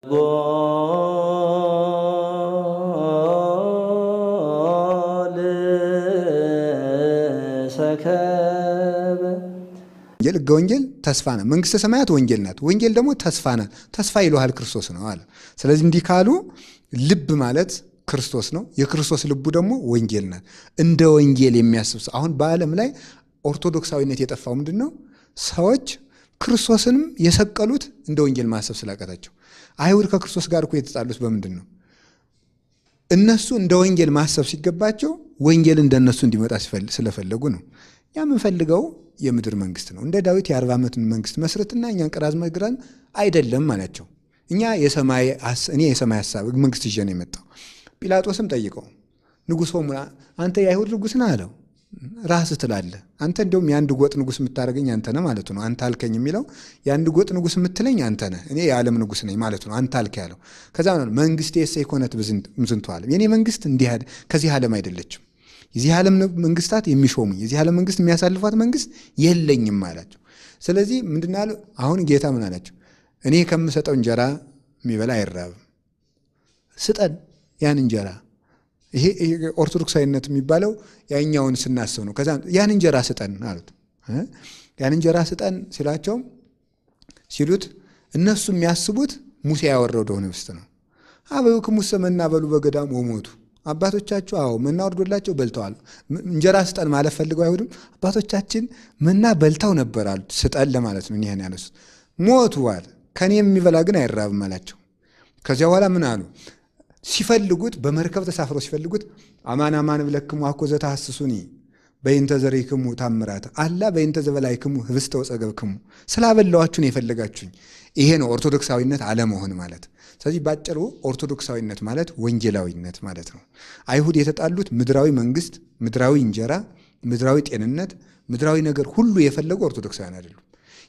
ወንጌል ሕገ ወንጌል ተስፋ ነው። መንግስተ ሰማያት ወንጌል ናት። ወንጌል ደግሞ ተስፋ ናት። ተስፋ ይለሃል ክርስቶስ ነው አለ። ስለዚህ እንዲህ ካሉ ልብ ማለት ክርስቶስ ነው። የክርስቶስ ልቡ ደግሞ ወንጌል ናት። እንደ ወንጌል የሚያስብ ሰው አሁን በዓለም ላይ ኦርቶዶክሳዊነት የጠፋው ምንድን ነው? ሰዎች ክርስቶስንም የሰቀሉት እንደ ወንጌል ማሰብ ስላቃታቸው። አይሁድ ከክርስቶስ ጋር እኮ የተጣሉት በምንድን ነው? እነሱ እንደ ወንጌል ማሰብ ሲገባቸው ወንጌል እንደ እነሱ እንዲመጣ ስለፈለጉ ነው። እኛ የምንፈልገው የምድር መንግስት ነው፣ እንደ ዳዊት የአርባ ዓመትን መንግስት መስረትና እኛን ቅራዝ መግራን አይደለም አላቸው። እኛ እኔ የሰማይ ሀሳብ መንግስት ይዤ ነው የመጣው። ጲላጦስም ጠይቀው ንጉሶ አንተ የአይሁድ ንጉስ ነህ አለው። ራስ ትላለ አንተ። እንዲሁም የአንድ ጎጥ ንጉስ የምታደርገኝ አንተ ነህ ማለት ነው። አንተ አልከኝ የሚለው የአንድ ጎጥ ንጉስ የምትለኝ አንተ ነህ፣ እኔ የዓለም ንጉስ ነኝ ማለት ነው። አንተ አልከ ያለው ከዛ ነው። መንግስት እሰይ ኮነት ምዝንቱ ዓለም፣ የኔ መንግስት እንዲህ ከዚህ ዓለም አይደለችም። የዚህ ዓለም መንግስታት የሚሾሙኝ የዚህ ዓለም መንግስት የሚያሳልፏት መንግስት የለኝም አላቸው። ስለዚህ ምንድን አለ አሁን ጌታ ምን አላቸው? እኔ ከምሰጠው እንጀራ የሚበላ አይራብም። ስጠን ያን እንጀራ ይሄ ኦርቶዶክሳዊነት የሚባለው ያኛውን ስናስብ ነው። ከዛ ያን እንጀራ ስጠን አሉት። ያን እንጀራ ስጠን ሲላቸው ሲሉት እነሱ የሚያስቡት ሙሴ ያወረደው ህብስት ነው። አበዩ ክሙሰ መና በሉ በገዳም ወሞቱ አባቶቻቸው አዎ መና ወርዶላቸው በልተዋል። እንጀራ ስጠን ማለት ፈልገው አይሁድም አባቶቻችን መና በልተው ነበር አሉት። ስጠን ለማለት ነው ይህን ያነሱት። ሞቱ አለ። ከኔ የሚበላ ግን አይራብም አላቸው። ከዚያ በኋላ ምን አሉ? ሲፈልጉት በመርከብ ተሳፍረው ሲፈልጉት አማን አማን ብለክሙ አኮ ዘታሐስሱኒ በይንተ ዘሪክሙ ታምራት አላ በይንተ ዘበላይክሙ ህብስተ ወጸገብክሙ ስላበላዋችሁን የፈለጋችሁኝ። ይሄ ነው ኦርቶዶክሳዊነት አለመሆን ማለት። ስለዚህ ባጭሩ ኦርቶዶክሳዊነት ማለት ወንጌላዊነት ማለት ነው። አይሁድ የተጣሉት ምድራዊ መንግስት፣ ምድራዊ እንጀራ፣ ምድራዊ ጤንነት፣ ምድራዊ ነገር ሁሉ የፈለጉ ኦርቶዶክሳዊያን አይደሉም።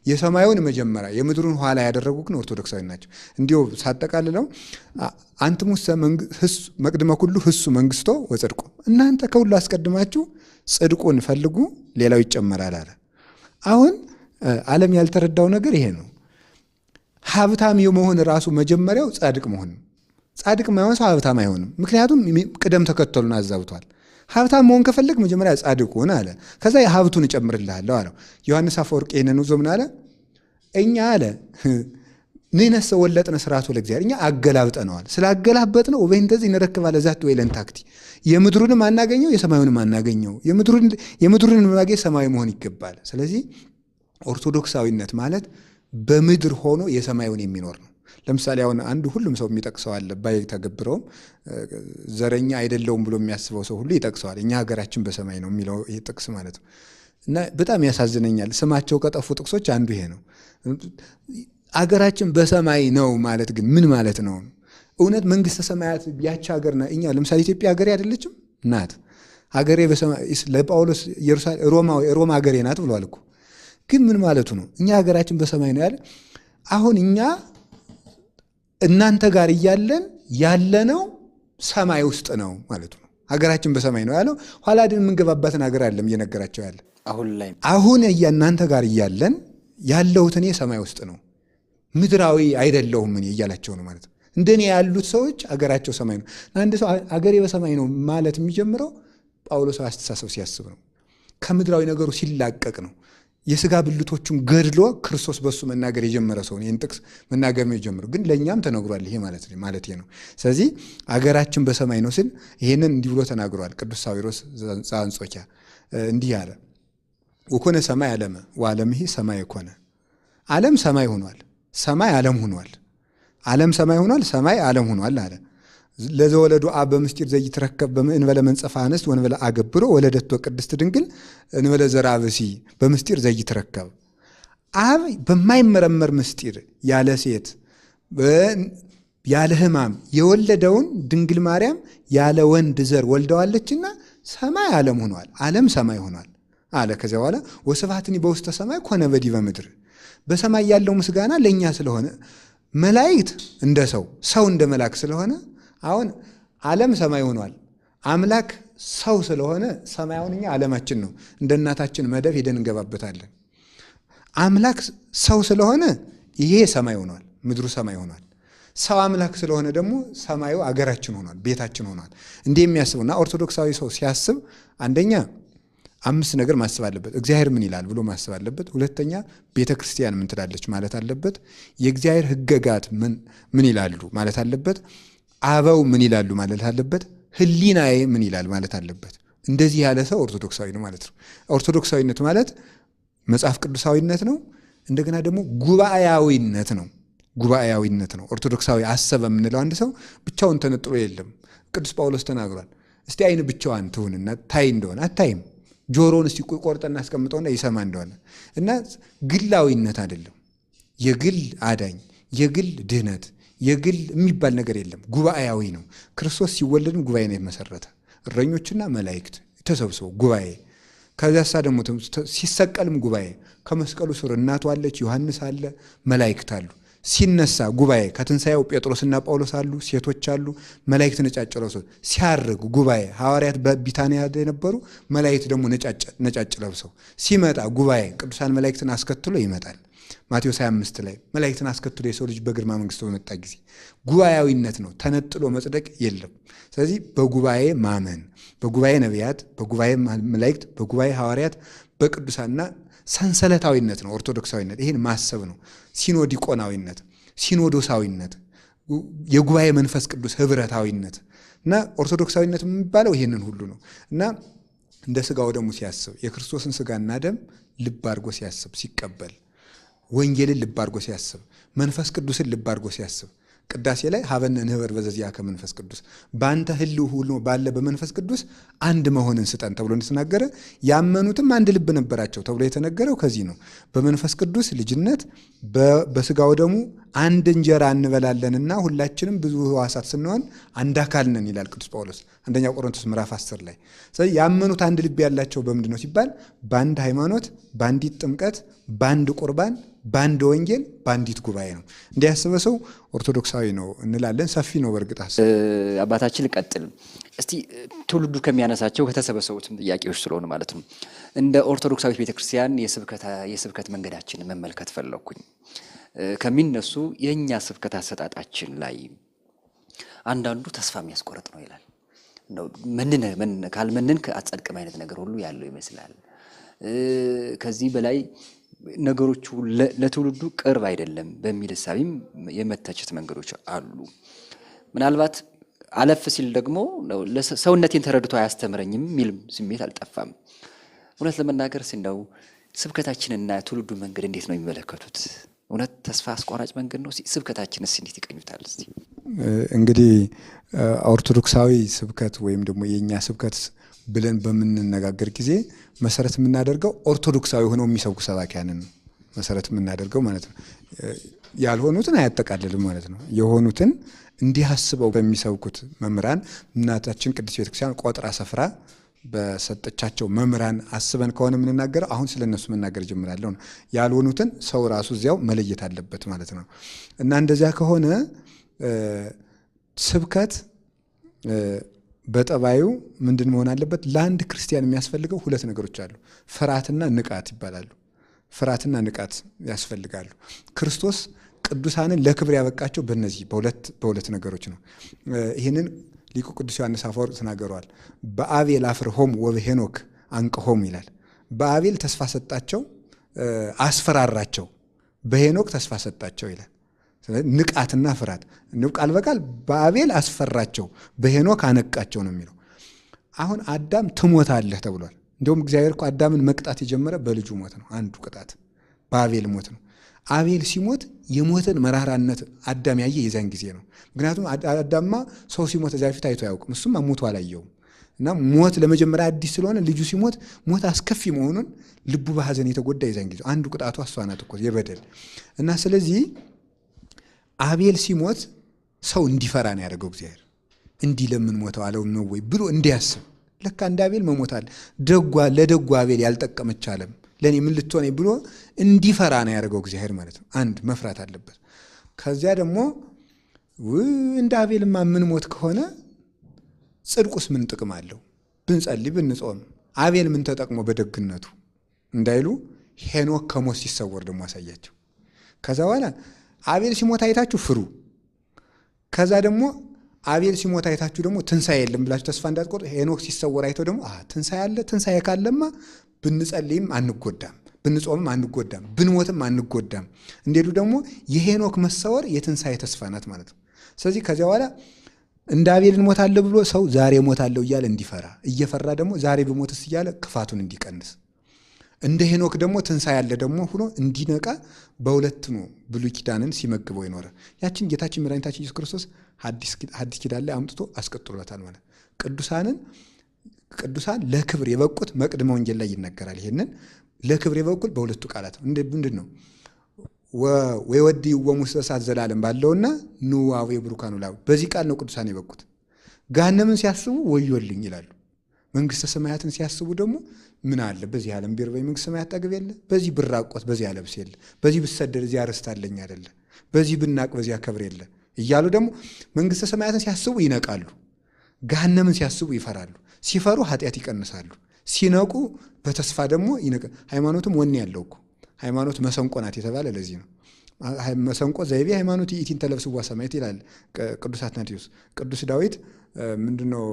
የሰማዩን መጀመሪያ የምድሩን ኋላ ያደረጉ ግን ኦርቶዶክሳዊ ናቸው። እንዲሁ ሳጠቃልለው አንትሙሰ መቅድመ ሁሉ ህሱ መንግስቶ ወጽድቁ፣ እናንተ ከሁሉ አስቀድማችሁ ጽድቁን ፈልጉ፣ ሌላው ይጨመራል አለ። አሁን ዓለም ያልተረዳው ነገር ይሄ ነው። ሀብታም የመሆን ራሱ መጀመሪያው ጻድቅ መሆን ጻድቅ ማይሆን ሰው ሀብታም አይሆንም። ምክንያቱም ቅደም ተከተሉን አዛብቷል። ሀብታም መሆን ከፈለግ መጀመሪያ ጻድቅ ሁን አለ። ከዛ የሀብቱን እጨምርልሃለሁ አለው። ዮሐንስ አፈወርቅ ይህንን ዞ ምን አለ? እኛ አለ ንሕነሰ ወለጥነ ስርዓቱ ለእግዚአብሔር፣ እኛ አገላብጠነዋል። ስላገላበጥ ነው ወይ እንደዚህ እንረክባለ ዛት ወይ ለንታክቲ ታክቲ የምድሩንም አናገኘው የሰማዩንም አናገኘው። የምድሩን ማግኘት ሰማያዊ መሆን ይገባል። ስለዚህ ኦርቶዶክሳዊነት ማለት በምድር ሆኖ የሰማዩን የሚኖር ነው። ለምሳሌ አሁን አንድ ሁሉም ሰው የሚጠቅሰው አለ ባይተገብረውም ዘረኛ አይደለውም ብሎ የሚያስበው ሰው ሁሉ ይጠቅሰዋል። እኛ ሀገራችን በሰማይ ነው የሚለው ጥቅስ ማለት ነው። እና በጣም ያሳዝነኛል። ስማቸው ከጠፉ ጥቅሶች አንዱ ይሄ ነው። አገራችን በሰማይ ነው ማለት ግን ምን ማለት ነው? እውነት መንግስተ ሰማያት ያቺ ሀገር እኛ ለምሳሌ ኢትዮጵያ ሀገሬ አይደለችም ናት። ሀገሬ ለጳውሎስ ሮማ ሀገሬ ናት ብሏል እኮ። ግን ምን ማለቱ ነው? እኛ ሀገራችን በሰማይ ነው ያለ አሁን እኛ እናንተ ጋር እያለን ያለነው ሰማይ ውስጥ ነው ማለት ነው። ሀገራችን በሰማይ ነው ያለው። ኋላ ድን የምንገባበትን ሀገር አለም እየነገራቸው ያለ አሁን ላይ አሁን እናንተ ጋር እያለን ያለሁት እኔ ሰማይ ውስጥ ነው፣ ምድራዊ አይደለሁም እኔ እያላቸው ነው ማለት ነው። እንደኔ ያሉት ሰዎች አገራቸው ሰማይ ነው። አንድ ሰው አገሬ በሰማይ ነው ማለት የሚጀምረው ጳውሎስ አስተሳሰብ ሲያስብ ነው፣ ከምድራዊ ነገሩ ሲላቀቅ ነው። የስጋ ብልቶቹን ገድሎ ክርስቶስ በሱ መናገር የጀመረ ሰው ይህን ጥቅስ መናገር ነው የጀመረው። ግን ለእኛም ተነግሯል። ይሄ ማለት ነው። ስለዚህ አገራችን በሰማይ ነው ሲል ይህንን እንዲህ ብሎ ተናግሯል። ቅዱስ ሳዊሮስ ዘአንጾኪያ እንዲህ አለ። ወኮነ ሰማይ አለመ ወአለም ይሄ ሰማይ ኮነ። አለም ሰማይ ሆኗል፣ ሰማይ አለም ሆኗል፣ አለም ሰማይ ሆኗል፣ ሰማይ አለም ሆኗል አለ ለዘወለዱ አብ በምስጢር ዘይትረከብ እንበለ መንጸፋ አንስት ወንበለ አገብሮ ወለደቶ ቅድስት ድንግል እንበለ ዘራብሲ በምስጢር ዘይትረከብ አብ በማይመረመር ምስጢር ያለ ሴት ያለ ሕማም የወለደውን ድንግል ማርያም ያለ ወንድ ዘር ወልደዋለችና ሰማይ ዓለም ሆኗል። ዓለም ሰማይ ሆኗል አለ። ከዚያ በኋላ ወስብሐትኒ በውስተ ሰማይ ኮነ በዲበ ምድር በሰማይ ያለው ምስጋና ለእኛ ስለሆነ መላእክት እንደ ሰው ሰው እንደ መልአክ ስለሆነ አሁን ዓለም ሰማይ ሆኗል። አምላክ ሰው ስለሆነ ሰማይ አሁን እኛ ዓለማችን ነው። እንደ እናታችን መደብ ሄደን እንገባበታለን። አምላክ ሰው ስለሆነ ይሄ ሰማይ ሆኗል፣ ምድሩ ሰማይ ሆኗል። ሰው አምላክ ስለሆነ ደግሞ ሰማዩ አገራችን ሆኗል፣ ቤታችን ሆኗል። እንዲህ የሚያስበውና ኦርቶዶክሳዊ ሰው ሲያስብ አንደኛ አምስት ነገር ማስብ አለበት። እግዚአብሔር ምን ይላል ብሎ ማስብ አለበት። ሁለተኛ ቤተ ክርስቲያን ምን ትላለች ማለት አለበት። የእግዚአብሔር ሕገጋት ምን ይላሉ ማለት አለበት። አበው ምን ይላሉ ማለት አለበት። ህሊናዬ ምን ይላል ማለት አለበት። እንደዚህ ያለ ሰው ኦርቶዶክሳዊ ነው ማለት ነው። ኦርቶዶክሳዊነት ማለት መጽሐፍ ቅዱሳዊነት ነው። እንደገና ደግሞ ጉባኤያዊነት ነው። ጉባኤያዊነት ነው። ኦርቶዶክሳዊ አሰበ የምንለው አንድ ሰው ብቻውን ተነጥሎ የለም። ቅዱስ ጳውሎስ ተናግሯል። እስቲ አይን ብቻዋን ትሁንና ታይ እንደሆነ አታይም። ጆሮውን እስቲ ቆርጠና አስቀምጠውና ይሰማ እንደሆነ እና ግላዊነት አይደለም የግል አዳኝ የግል ድህነት የግል የሚባል ነገር የለም። ጉባኤያዊ ነው። ክርስቶስ ሲወለድም ጉባኤ ነው የመሰረተ እረኞችና መላእክት ተሰብስበው ጉባኤ ከዚያሳ ደግሞ ሲሰቀልም ጉባኤ ከመስቀሉ ስር እናቱ አለች፣ ዮሐንስ አለ፣ መላእክት አሉ። ሲነሳ ጉባኤ ከትንሣኤው ጴጥሮስና ጳውሎስ አሉ፣ ሴቶች አሉ፣ መላእክት ነጫጭ ለብሰው ሲያርግ ጉባኤ ሐዋርያት በቢታንያ የነበሩ መላእክት ደግሞ ነጫጭ ለብሰው ሲመጣ ጉባኤ ቅዱሳን መላእክትን አስከትሎ ይመጣል። ማቴዎስ 25 ላይ መላእክትን አስከትሎ የሰው ልጅ በግርማ መንግስቱ በመጣ ጊዜ ጉባኤያዊነት ነው፣ ተነጥሎ መጽደቅ የለም። ስለዚህ በጉባኤ ማመን፣ በጉባኤ ነቢያት፣ በጉባኤ መላእክት፣ በጉባኤ ሐዋርያት፣ በቅዱሳና ሰንሰለታዊነት ነው ኦርቶዶክሳዊነት። ይህን ማሰብ ነው ሲኖዲቆናዊነት፣ ሲኖዶሳዊነት፣ የጉባኤ መንፈስ ቅዱስ ህብረታዊነት እና ኦርቶዶክሳዊነት የሚባለው ይህንን ሁሉ ነው እና እንደ ስጋው ደሙ ሲያስብ የክርስቶስን ስጋና ደም ልብ አድርጎ ሲያስብ ሲቀበል ወንጌልን ልብ አድርጎ ሲያስብ፣ መንፈስ ቅዱስን ልብ አድርጎ ሲያስብ ቅዳሴ ላይ ሀበነ ንህበር በዘዚያ ከመንፈስ ቅዱስ በአንተ ህልው ሁሉ ባለ በመንፈስ ቅዱስ አንድ መሆንን ስጠን ተብሎ እንደተናገረ ያመኑትም አንድ ልብ ነበራቸው ተብሎ የተነገረው ከዚህ ነው። በመንፈስ ቅዱስ ልጅነት በስጋው ደሙ አንድ እንጀራ እንበላለንና ሁላችንም ብዙ ህዋሳት ስንሆን አንድ አካል ነን ይላል ቅዱስ ጳውሎስ አንደኛ ቆሮንቶስ ምዕራፍ 10 ላይ። ስለዚህ ያመኑት አንድ ልብ ያላቸው በምንድን ነው ሲባል በአንድ ሃይማኖት፣ በአንዲት ጥምቀት፣ በአንድ ቁርባን፣ በአንድ ወንጌል፣ በአንዲት ጉባኤ ነው። እንዲያስበ ሰው ኦርቶዶክሳዊ ነው እንላለን። ሰፊ ነው በእርግጥ አባታችን። ቀጥል እስቲ ትውልዱ ከሚያነሳቸው ከተሰበሰቡትም ጥያቄዎች ስለሆነ ማለት ነው እንደ ኦርቶዶክሳዊት ቤተክርስቲያን የስብከት መንገዳችን መመልከት ፈለግኩኝ። ከሚነሱ የእኛ ስብከት አሰጣጣችን ላይ አንዳንዱ ተስፋ የሚያስቆርጥ ነው ይላል። ካልመንን አትጸድቅም አይነት ነገር ሁሉ ያለው ይመስላል። ከዚህ በላይ ነገሮቹ ለትውልዱ ቅርብ አይደለም በሚል ሳቢም የመተቸት መንገዶች አሉ። ምናልባት አለፍ ሲል ደግሞ ሰውነቴን ተረድቶ አያስተምረኝም የሚል ስሜት አልጠፋም። እውነት ለመናገር ሲንደው ስብከታችንና ትውልዱ መንገድ እንዴት ነው የሚመለከቱት? እውነት ተስፋ አስቆራጭ መንገድ ነው? ስብከታችንስ እንዴት ይቀኙታል? እስቲ እንግዲህ ኦርቶዶክሳዊ ስብከት ወይም ደግሞ የእኛ ስብከት ብለን በምንነጋገር ጊዜ መሰረት የምናደርገው ኦርቶዶክሳዊ ሆነው የሚሰብኩ ሰባኪያንን መሰረት የምናደርገው ማለት ነው። ያልሆኑትን አያጠቃልልም ማለት ነው። የሆኑትን እንዲህ አስበው በሚሰብኩት መምህራን እናታችን ቅድስት ቤተክርስቲያን ቆጥራ ሰፍራ በሰጠቻቸው መምህራን አስበን ከሆነ የምንናገረው አሁን ስለ እነሱ መናገር ጀምራለሁ ነው። ያልሆኑትን ሰው ራሱ እዚያው መለየት አለበት ማለት ነው እና እንደዚያ ከሆነ ስብከት በጠባዩ ምንድን መሆን አለበት? ለአንድ ክርስቲያን የሚያስፈልገው ሁለት ነገሮች አሉ። ፍርሃትና ንቃት ይባላሉ። ፍርሃትና ንቃት ያስፈልጋሉ። ክርስቶስ ቅዱሳንን ለክብር ያበቃቸው በነዚህ በሁለት በሁለት ነገሮች ነው። ይህንን ሊቁ ቅዱስ ዮሐንስ አፈወርቅ ተናገረዋል። በአቤል አፍርሆም ወበሄኖክ አንቅሆም ይላል። በአቤል ተስፋ ሰጣቸው፣ አስፈራራቸው። በሄኖክ ተስፋ ሰጣቸው ይላል። ንቃትና ፍርሃት ቃል በቃል በአቤል አስፈራቸው፣ በሄኖክ አነቃቸው ነው የሚለው። አሁን አዳም ትሞታለህ ተብሏል። እንዲሁም እግዚአብሔር እኮ አዳምን መቅጣት የጀመረ በልጁ ሞት ነው። አንዱ ቅጣት በአቤል ሞት ነው። አቤል ሲሞት የሞትን መራራነት አዳም ያየ የዚያን ጊዜ ነው። ምክንያቱም አዳማ ሰው ሲሞት እዚያ ፊት አይቶ አያውቅም፣ እሱም ሞቱ አላየውም። እና ሞት ለመጀመሪያ አዲስ ስለሆነ ልጁ ሲሞት ሞት አስከፊ መሆኑን ልቡ በሐዘን የተጎዳ የዚያን ጊዜ አንዱ ቅጣቱ እሷ ናት እኮ የበደል እና ስለዚህ አቤል ሲሞት ሰው እንዲፈራ ነው ያደረገው። እግዚአብሔር እንዲህ ለምን ሞተው አለው ነው ወይ ብሎ እንዲያስብ ለካ እንደ አቤል መሞታል ደጓ ለደጓ አቤል ያልጠቀመች ዓለም ለእኔ ምን ልትሆነ ብሎ እንዲፈራ ነው ያደርገው እግዚአብሔር ማለት ነው። አንድ መፍራት አለበት። ከዚያ ደግሞ እንደ አቤልማ ምን ሞት ከሆነ ጽድቁስ ምን ጥቅም አለው? ብንጸልይ ብንጾም አቤል ምን ተጠቅሞ በደግነቱ እንዳይሉ ሄኖክ ከሞት ሲሰወር ደግሞ አሳያቸው። ከዛ በኋላ አቤል ሲሞት አይታችሁ ፍሩ። ከዛ ደግሞ አቤል ሲሞት አይታችሁ ደግሞ ትንሣኤ የለም ብላችሁ ተስፋ እንዳትቆርጡ። ሄኖክ ሲሰወር አይተው ደግሞ ትንሣኤ አለ፣ ትንሣኤ ካለማ ብንጸልይም አንጎዳም፣ ብንጾምም አንጎዳም፣ ብንሞትም አንጎዳም እንዴሉ ደግሞ የሄኖክ መሰወር የትንሣኤ ተስፋ ናት ማለት ነው። ስለዚህ ከዚያ በኋላ እንደ አቤል እንሞታለሁ ብሎ ሰው ዛሬ እሞታለሁ እያለ እንዲፈራ እየፈራ ደግሞ ዛሬ ብሞትስ እያለ ክፋቱን እንዲቀንስ እንደ ሄኖክ ደግሞ ትንሣኤ ያለ ደግሞ ሁኖ እንዲነቃ በሁለት ነው ብሉይ ኪዳንን ሲመግበው ይኖረ ያችን ጌታችን መድኃኒታችን ኢየሱስ ክርስቶስ ሐዲስ ኪዳን ላይ አምጥቶ አስቀጥሎታል ማለት ቅዱሳንን ቅዱሳን ለክብር የበቁት መቅድመ ወንጌል ላይ ይነገራል። ይሄንን ለክብር የበቁት በሁለቱ ቃላት ምንድን ነው? ወይወድ ይወሙ ዘላለም ባለውና ኑ አቡየ በዚህ ቃል ነው ቅዱሳን የበቁት። ገሃነምን ሲያስቡ ወዮልኝ ይላሉ። መንግስተ ሰማያትን ሲያስቡ ደግሞ ምን አለ በዚህ ዓለም ቢርበ መንግስተ ሰማያት ጠግብ የለ፣ በዚህ ብራቆት በዚያ ለብስ የለ፣ በዚህ ብሰደድ እዚያ ርስት አለኝ አይደለ፣ በዚህ ብናቅ በዚያ አከብር የለ እያሉ ደግሞ መንግስተ ሰማያትን ሲያስቡ ይነቃሉ። ገሃነምን ሲያስቡ ይፈራሉ። ሲፈሩ ኃጢአት ይቀንሳሉ። ሲነቁ በተስፋ ደግሞ ይነቀ ሃይማኖትም ወኔ ያለው እኮ ሃይማኖት መሰንቆ ናት የተባለ ለዚህ ነው። መሰንቆ ዘይቤ ሃይማኖት ኢቲን ተለብስዋ ሰማየት ይላል ቅዱስ አትናቴዎስ። ቅዱስ ዳዊት ምንድነው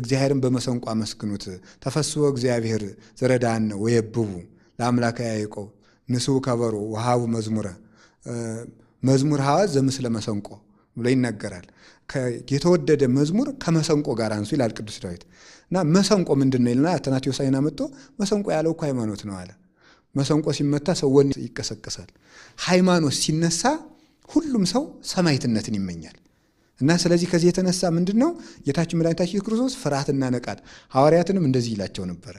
እግዚአብሔርን በመሰንቆ አመስግኑት። ተፈስዎ እግዚአብሔር ዘረዳነ ወየብቡ ለአምላከ ያዕቆብ ንስው ከበሮ ወሃቡ መዝሙረ መዝሙር ሀዋ ዘምስለ መሰንቆ ብሎ ይነገራል። የተወደደ መዝሙር ከመሰንቆ ጋር አንሱ ይላል ቅዱስ ዳዊት እና መሰንቆ ምንድን ነው ይልና አትናቴዎስ ዐይና መጥቶ መሰንቆ ያለው እኮ ሃይማኖት ነው አለ። መሰንቆ ሲመታ ሰው ወኔ ይቀሰቀሳል። ሃይማኖት ሲነሳ ሁሉም ሰው ሰማይትነትን ይመኛል። እና ስለዚህ ከዚህ የተነሳ ምንድን ነው ጌታችን መድኃኒታችን ኢየሱስ ክርስቶስ ፍርሃትና ነቃት። ሐዋርያትንም እንደዚህ ይላቸው ነበረ።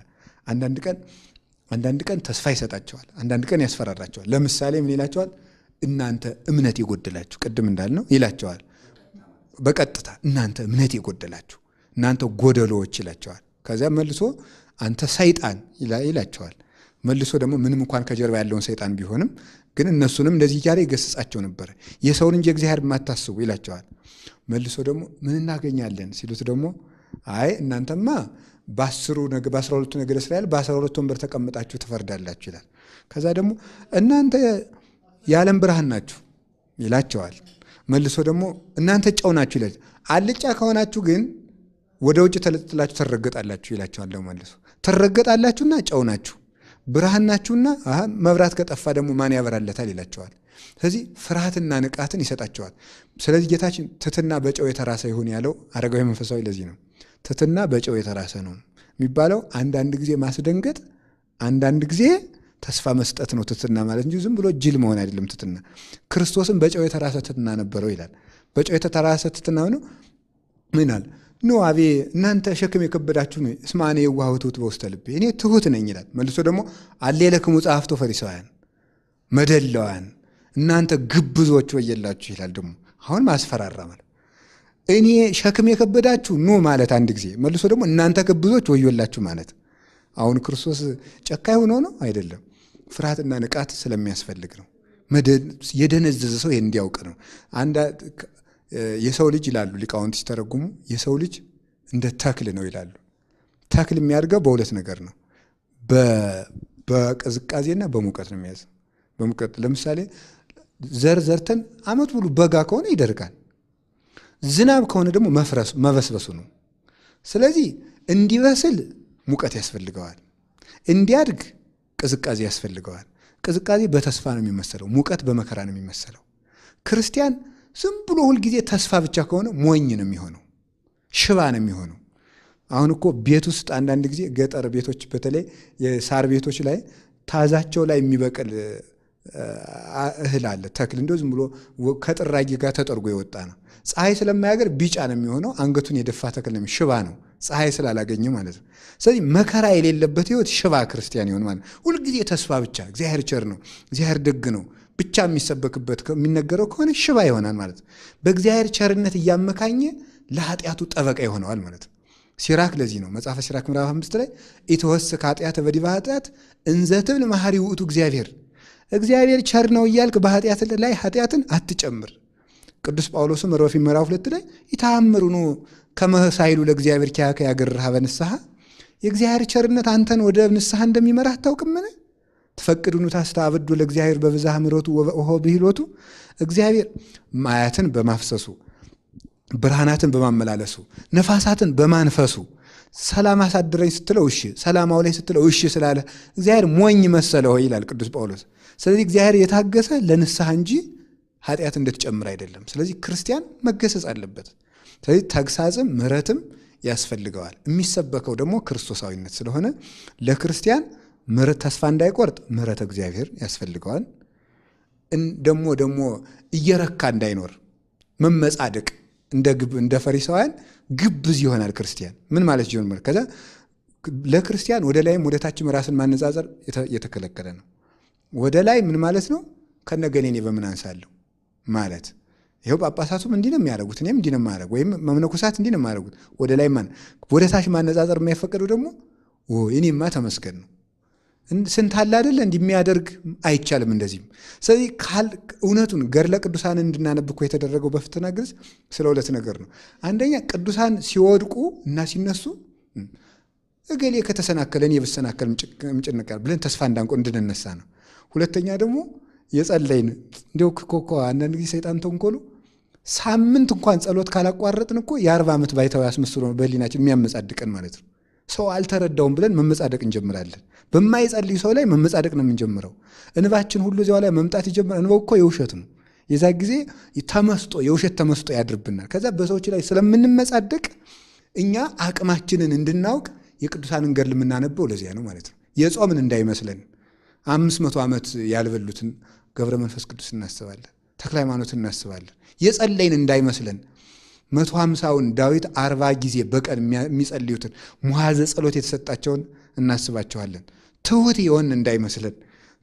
አንዳንድ ቀን አንዳንድ ቀን ተስፋ ይሰጣቸዋል፣ አንዳንድ ቀን ያስፈራራቸዋል። ለምሳሌ ምን ይላቸዋል? እናንተ እምነት የጎደላችሁ ቅድም እንዳልነው ይላቸዋል። በቀጥታ እናንተ እምነት የጎደላችሁ እናንተ ጎደሎዎች ይላቸዋል። ከዚያ መልሶ አንተ ሰይጣን ይላቸዋል። መልሶ ደግሞ ምንም እንኳን ከጀርባ ያለውን ሰይጣን ቢሆንም ግን እነሱንም እንደዚህ እያለ ይገስጻቸው ነበር። የሰውን እንጂ እግዚአብሔር የማታስቡ ይላቸዋል። መልሶ ደግሞ ምን እናገኛለን ሲሉት ደግሞ አይ እናንተማ በአስሩ በአስራ ሁለቱ ነገደ እስራኤል በአስራ ሁለት ወንበር ተቀምጣችሁ ትፈርዳላችሁ ይላል። ከዛ ደግሞ እናንተ የዓለም ብርሃን ናችሁ ይላቸዋል። መልሶ ደግሞ እናንተ ጨው ናችሁ ይላል። አልጫ ከሆናችሁ ግን ወደ ውጭ ተለጥጥላችሁ ትረገጣላችሁ ይላቸዋል። ደግሞ መልሶ ትረገጣላችሁና ጨው ናችሁ ብርሃን ናችሁና መብራት ከጠፋ ደግሞ ማን ያበራለታል ይላቸዋል። ስለዚህ ፍርሃትና ንቃትን ይሰጣቸዋል። ስለዚህ ጌታችን ትትና በጨው የተራሰ ይሁን ያለው አረጋዊ መንፈሳዊ ለዚህ ነው። ትትና በጨው የተራሰ ነው የሚባለው አንዳንድ ጊዜ ማስደንገጥ፣ አንዳንድ ጊዜ ተስፋ መስጠት ነው ትትና ማለት እንጂ ዝም ብሎ ጅል መሆን አይደለም። ትትና። ክርስቶስም በጨው የተራሰ ትትና ነበረው ይላል። በጨው የተራሰ ትትና ነው ምናል ኖ አቤ እናንተ ሸክም የከበዳችሁ ነው። እስመ አነ የዋህ ትሑት በውስተ ልቤ፣ እኔ ትሑት ነኝ ይላል። መልሶ ደግሞ አለ ይለክሙ ጸሐፍቶ ፈሪሳውያን እናንተ ግብዞች ወየላችሁ ይላል። ደግሞ አሁን ማስፈራራ ማለት እኔ ሸክም የከበዳችሁ ኑ ማለት አንድ ጊዜ፣ መልሶ ደግሞ እናንተ ግብዞች ወዮላችሁ ማለት። አሁን ክርስቶስ ጨካኝ ሆኖ ነው አይደለም። ፍርሃትና ንቃት ስለሚያስፈልግ ነው። የደነዘዘ ሰው እንዲያውቅ ነው። የሰው ልጅ ይላሉ ሊቃውንት ሲተረጉሙ የሰው ልጅ እንደ ተክል ነው ይላሉ። ተክል የሚያድገው በሁለት ነገር ነው፣ በቅዝቃዜና በሙቀት ነው የሚያዝ በሙቀት ለምሳሌ ዘር ዘርተን አመት ሙሉ በጋ ከሆነ ይደርጋል። ዝናብ ከሆነ ደግሞ መፍረሱ መበስበሱ ነው። ስለዚህ እንዲበስል ሙቀት ያስፈልገዋል፣ እንዲያድግ ቅዝቃዜ ያስፈልገዋል። ቅዝቃዜ በተስፋ ነው የሚመሰለው፣ ሙቀት በመከራ ነው የሚመሰለው። ክርስቲያን ዝም ብሎ ሁልጊዜ ተስፋ ብቻ ከሆነ ሞኝ ነው የሚሆነው፣ ሽባ ነው የሚሆነው። አሁን እኮ ቤት ውስጥ አንዳንድ ጊዜ ገጠር ቤቶች በተለይ የሳር ቤቶች ላይ ታዛቸው ላይ የሚበቅል እህል አለ ተክል እንዲሁ ዝም ብሎ ከጥራጊ ጋር ተጠርጎ የወጣ ነው። ፀሐይ ስለማያገር ቢጫ ነው የሚሆነው። አንገቱን የደፋ ተክል ነው፣ ሽባ ነው። ፀሐይ ስላላገኘ ማለት ነው። ስለዚህ መከራ የሌለበት ህይወት ሽባ ክርስቲያን ይሆን ማለት ሁልጊዜ ተስፋ ብቻ እግዚአብሔር ቸር ነው፣ እግዚአብሔር ደግ ነው ብቻ የሚሰበክበት የሚነገረው ከሆነ ሽባ ይሆናል ማለት ነው። በእግዚአብሔር ቸርነት እያመካኘ ለኃጢአቱ ጠበቃ ይሆነዋል ማለት ነው። ሲራክ ለዚህ ነው መጽሐፈ ሲራክ ምዕራፍ አምስት ላይ ኢትወስ ከኃጢአት በዲበ ኃጢአት እንዘትብል መሐሪ ውእቱ እግዚአብሔር እግዚአብሔር ቸር ነው እያልክ በኃጢአት ላይ ኃጢአትን አትጨምር። ቅዱስ ጳውሎስም ሮሜ ምዕራፍ ሁለት ላይ ይታምሩኑ ከመሳይሉ ለእግዚአብሔር ኪያከ ያገርሃ በንስሐ የእግዚአብሔር ቸርነት አንተን ወደ ንስሐ እንደሚመራ አታውቅምን? ትፈቅዱኑ ታስተአብዱ ለእግዚአብሔር በብዝሃ ምሮቱ ወበሆ ብሂሎቱ እግዚአብሔር ማያትን በማፍሰሱ ብርሃናትን በማመላለሱ ነፋሳትን በማንፈሱ ሰላም አሳድረኝ ስትለው እሺ፣ ሰላም ላይ ስትለው እሺ ስላለ እግዚአብሔር ሞኝ መሰለ ሆይ ይላል ቅዱስ ጳውሎስ። ስለዚህ እግዚአብሔር የታገሰ ለንስሐ እንጂ ኃጢአት እንድትጨምር አይደለም። ስለዚህ ክርስቲያን መገሰጽ አለበት። ስለዚህ ተግሳጽም ምሕረትም ያስፈልገዋል። የሚሰበከው ደግሞ ክርስቶሳዊነት ስለሆነ ለክርስቲያን ምሕረት ተስፋ እንዳይቆርጥ ምሕረት እግዚአብሔር ያስፈልገዋል። ደግሞ ደግሞ እየረካ እንዳይኖር መመጻደቅ እንደ ግብ እንደ ፈሪሳውያን ግብዝ ይሆናል ክርስቲያን። ምን ማለት ጆን ምር ከዛ ለክርስቲያን ወደ ላይም ወደ ታችም ራስን ማነጻጸር የተከለከለ ነው። ወደ ላይ ምን ማለት ነው? ከነገሌ እኔ በምን አንሳለሁ ማለት ይኸው ጳጳሳቱም እንዲህ ነው የሚያደርጉት፣ እኔም እንዲህ ነው የማደርግ ወይም መምነኩሳት እንዲህ ነው የማደርጉት። ወደ ላይ ማን ወደ ታች ማነጻጸር የማይፈቀደው ደግሞ እኔማ ተመስገን ነው ስንታላ አደለ እንደሚያደርግ አይቻልም። እንደዚህም ስለዚህ እውነቱን ገድለ ቅዱሳን እንድናነብ እኮ የተደረገው በፍትና ግልጽ ስለ ሁለት ነገር ነው። አንደኛ ቅዱሳን ሲወድቁ እና ሲነሱ እገሌ ከተሰናከለ እኔ ብሰናከል ምጭንቃል ብለን ተስፋ እንዳንቆ እንድንነሳ ነው። ሁለተኛ ደግሞ የጸለይን እንዲው ክኮኮ አንዳንድ ጊዜ ሰይጣን ተንኮሉ ሳምንት እንኳን ጸሎት ካላቋረጥን እኮ የአርባ ዓመት ባይታዊ አስመስሎ በህሊናችን የሚያመጻድቀን ማለት ነው። ሰው አልተረዳውም ብለን መመጻደቅ እንጀምራለን። በማይጸልይ ሰው ላይ መመጻደቅ ነው የምንጀምረው። እንባችን ሁሉ እዚያው ላይ መምጣት ይጀምራል። እንባው እኮ የውሸት ነው። የዛ ጊዜ ተመስጦ የውሸት ተመስጦ ያድርብናል። ከዛ በሰዎች ላይ ስለምንመጻደቅ እኛ አቅማችንን እንድናውቅ የቅዱሳንን ገድል የምናነበው ለዚያ ነው ማለት ነው። የጾምን እንዳይመስለን አምስት መቶ ዓመት ያልበሉትን ገብረ መንፈስ ቅዱስ እናስባለን። ተክለ ሃይማኖት እናስባለን። የጸለይን እንዳይመስለን መቶ ሀምሳውን ዳዊት አርባ ጊዜ በቀን የሚጸልዩትን ሙሐዘ ጸሎት የተሰጣቸውን እናስባቸዋለን። ትሁት የሆን እንዳይመስለን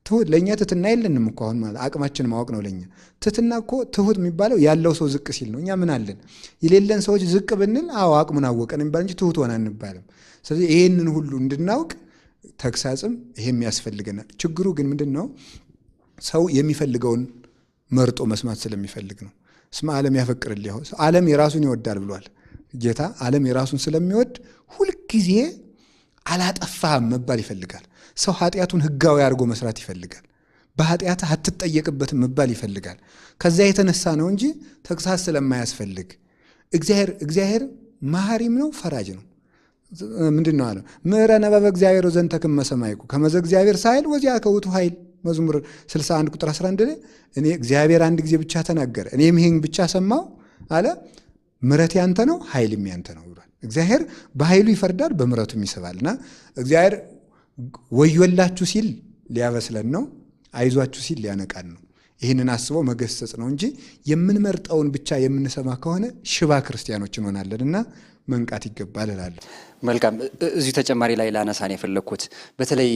ትሁት ለእኛ ትትና የለንም እኮ አሁን ማለት አቅማችን ማወቅ ነው። ለእኛ ትትና እኮ ትሁት የሚባለው ያለው ሰው ዝቅ ሲል ነው። እኛ ምን አለን የሌለን ሰዎች ዝቅ ብንል፣ አዎ አቅሙን አወቀን የሚባል እንጂ ትሁት ሆነ አንባልም። ስለዚህ ይህንን ሁሉ እንድናውቅ ተግሳጽም ይሄም ያስፈልገናል። ችግሩ ግን ምንድን ነው? ሰው የሚፈልገውን መርጦ መስማት ስለሚፈልግ ነው። እስመ ዓለም ያፈቅርልህ ዓለም የራሱን ይወዳል ብሏል ጌታ። ዓለም የራሱን ስለሚወድ ሁልጊዜ አላጠፋህም መባል ይፈልጋል። ሰው ኃጢአቱን ህጋዊ አድርጎ መስራት ይፈልጋል። በኃጢአት አትጠየቅበትም መባል ይፈልጋል። ከዚያ የተነሳ ነው እንጂ ተግሳጽ ስለማያስፈልግ እግዚአብሔር መሐሪም ነው፣ ፈራጅ ነው። ምንድን ነው አለ ምዕረ ነበበ እግዚአብሔር ዘንተ ክመ ሰማይኩ ከመዘ እግዚአብሔር ሳይል ወዚያ ከውቱ ኃይል መዝሙር 61 ቁጥር 11 ላይ እኔ እግዚአብሔር አንድ ጊዜ ብቻ ተናገረ፣ እኔም ይህን ብቻ ሰማው አለ። ምረት ያንተ ነው፣ ኃይልም ያንተ ነው ብሏል። እግዚአብሔር በኃይሉ ይፈርዳል፣ በምረቱም ይስባልና እግዚአብሔር ወዮላችሁ ሲል ሊያበስለን ነው፣ አይዟችሁ ሲል ሊያነቃን ነው። ይህንን አስቦ መገሰጽ ነው እንጂ የምንመርጠውን ብቻ የምንሰማ ከሆነ ሽባ ክርስቲያኖች እንሆናለን እና መንቃት ይገባል እላለሁ። መልካም። እዚሁ ተጨማሪ ላይ ላነሳን የፈለግኩት በተለይ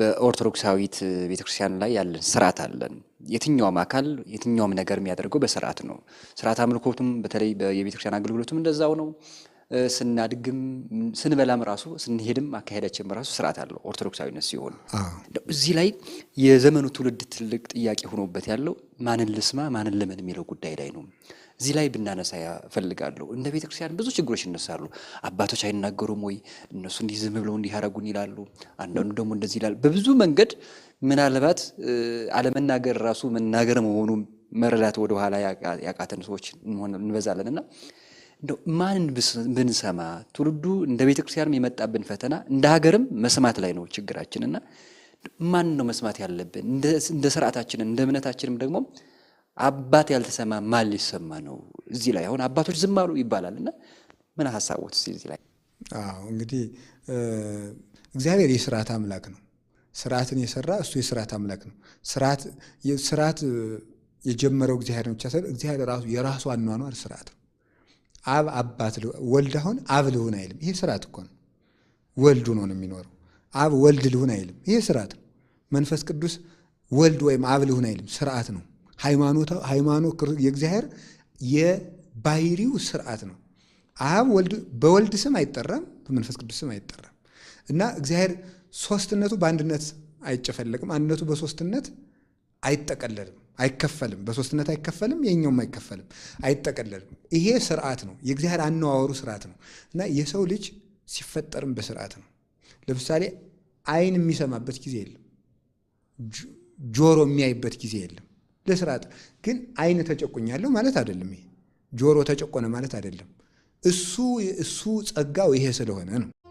በኦርቶዶክሳዊት ቤተክርስቲያን ላይ ያለን ስርዓት አለን። የትኛውም አካል የትኛውም ነገር የሚያደርገው በስርዓት ነው። ስርዓት አምልኮቱም በተለይ የቤተክርስቲያን አገልግሎቱም እንደዛው ነው። ስናድግም ስንበላም ራሱ ስንሄድም አካሄዳችን ራሱ ስርዓት አለው ኦርቶዶክሳዊነት ሲሆን እዚህ ላይ የዘመኑ ትውልድ ትልቅ ጥያቄ ሆኖበት ያለው ማንን ልስማ ማንን ልመን የሚለው ጉዳይ ላይ ነው። እዚህ ላይ ብናነሳ ያፈልጋለሁ። እንደ ቤተ ክርስቲያን ብዙ ችግሮች ይነሳሉ። አባቶች አይናገሩም ወይ? እነሱ እንዲህ ዝም ብለው እንዲህ ያረጉን ይላሉ። አንዳንዱ ደግሞ እንደዚህ ይላል። በብዙ መንገድ ምናልባት አለመናገር ራሱ መናገር መሆኑ መረዳት ወደኋላ ያቃተን ሰዎች እንበዛለን እና እንደው ማንን ብንሰማ ትውልዱ እንደ ቤተ ክርስቲያንም የመጣብን ፈተና እንደ ሀገርም መስማት ላይ ነው ችግራችን እና ማን ነው መስማት ያለብን? እንደ ስርዓታችንም እንደ እምነታችንም ደግሞ አባት ያልተሰማ ማን ሊሰማ ነው? እዚህ ላይ አሁን አባቶች ዝም አሉ ይባላል እና ምን ሀሳቦት እዚህ ላይ? አዎ እንግዲህ እግዚአብሔር የስርዓት አምላክ ነው። ስርዓትን የሰራ እሱ የስርዓት አምላክ ነው። ስርዓት የጀመረው እግዚአብሔር ብቻ ሳይሆን እግዚአብሔር ራሱ የራሱ አኗኗር ስርዓት ነው። አብ አባት ወልድ አሁን አብ ልሁን አይልም። ይሄ ስርዓት እኮ ነው። ሆኖ ነው የሚኖረው። አብ ወልድ ልሁን አይልም። ይሄ ስርዓት ነው። መንፈስ ቅዱስ ወልድ ወይም አብ ልሁን አይልም። ስርዓት ነው። ሃይማኖት የእግዚአብሔር የባህሪው ስርዓት ነው። አብ በወልድ ስም አይጠራም፣ በመንፈስ ቅዱስ ስም አይጠራም እና እግዚአብሔር ሶስትነቱ በአንድነት አይጨፈለቅም። አንድነቱ በሶስትነት አይጠቀለልም። አይከፈልም፣ በሶስትነት አይከፈልም፣ የኛውም አይከፈልም፣ አይጠቀለልም። ይሄ ስርዓት ነው፣ የእግዚአብሔር አነዋወሩ ስርዓት ነው እና የሰው ልጅ ሲፈጠርም በስርዓት ነው። ለምሳሌ አይን የሚሰማበት ጊዜ የለም፣ ጆሮ የሚያይበት ጊዜ የለም። ለስርዓት ግን አይን ተጨቁኛለሁ ማለት አይደለም። ይሄ ጆሮ ተጨቆነ ማለት አይደለም። እሱ እሱ ጸጋው ይሄ ስለሆነ ነው።